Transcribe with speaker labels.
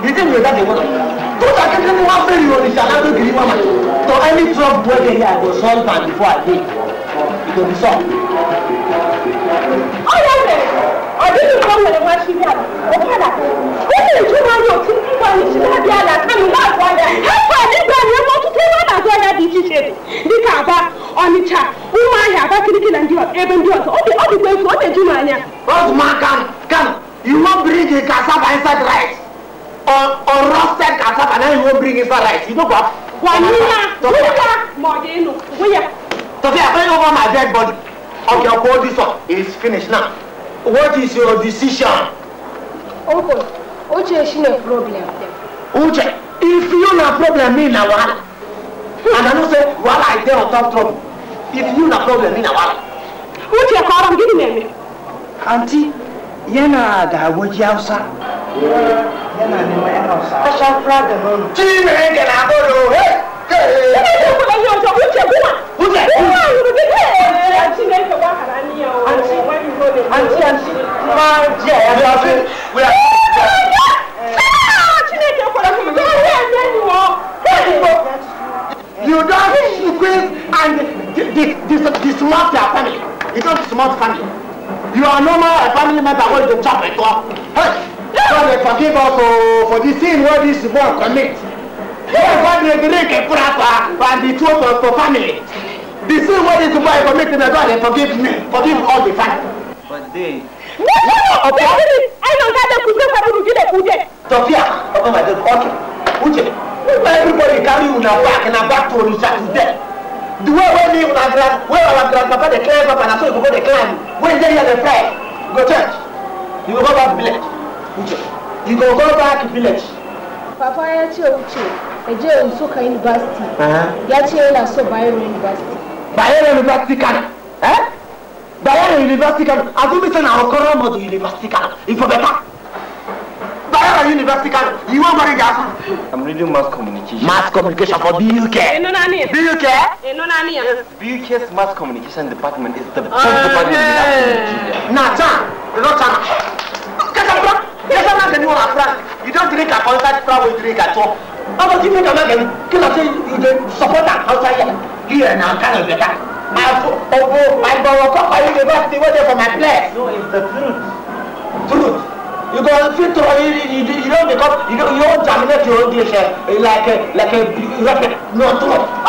Speaker 1: The thing mi that dey work to ta ke ni wa fe yo ni sala give giri mama to any trouble wey dey here i go solve am before i dey e go be so. ọ̀rẹ́ rẹ̀ ọdún yìí kọ́ wẹ̀rẹ̀ wá sí yàrá ọ̀kadà ó sì ń túbọ̀ yóò tún kíkọ́ ní síláàbí àlàkánì láàbọ̀ ọ̀dà ẹ̀fọ́ nígbà ni ó mọ́tò tó wà láàbọ̀ ọ̀dà dị iche iche dị dịka aba ọnịcha ụmụahịa abakiriki na ndị ebe ndị ọzọ ọ dịkwa efu ọ na-eju m anya. ọzụmaka kan You biri bring the cassava inside right or, or roasted cassava now you won't bring inside rice. You don't go up. Wanina, Wanina, Morgano, Wia. Sophia, bring over my dead body. Okay, I'll call this up. It finished now. What is your decision? Uncle, Uche is no problem. Uche, if you no problem, me na wahala. And I know say wahala I dey on top trouble. If you na problem, me na wahala. Uche, call him. Give me a minute. Auntie, yana da wajen yana neman yan hausa kasha fura da nono You don't squeeze and dis dis dismount your family. You don't dismount family. You are no more a family member when you chop it off forgive us oh, for the sin wey this boy commit. Here God dey drink a proper and the two for for family. The sin wey this boy commit na God dey forgive me forgive all the family. But they. No no no! Ọ̀pọ̀ Ayọ̀ǹda dey oh kú sẹ́kọ̀ọ́ bí Rùjí dey kú jẹ. Sọfíà ọmọ my God okay Uche why everybody carry una back na back to Orisa is there. The way wey me una grand wey our grandpapa dey climb up and na so you go go dey climb. Wey dey here dey fry go church you go go back village Uche. You go go back village. Papa ya ce wuce, ya je ka university. Ya ce yana so Bayero University. Bayero University Kano. Eh? Bayero University Kano. Azumi na Okoro Modu University Kano. If for Bayero University Kano. You wan marry Jasu. I'm reading mass communication. Mass communication for BUK. BUK? BUK's mass communication department is the best department in Nigeria. Nata, Rotana. make a concert crowd wey drink at all how about you make am again kill am say you dey support am outside here here na kind of better my obo my bowo kọkọ university wey dey for my place. no it's the truth. truth you go fit throw you you you don become you don you don terminate your english uh, like a like a no truth.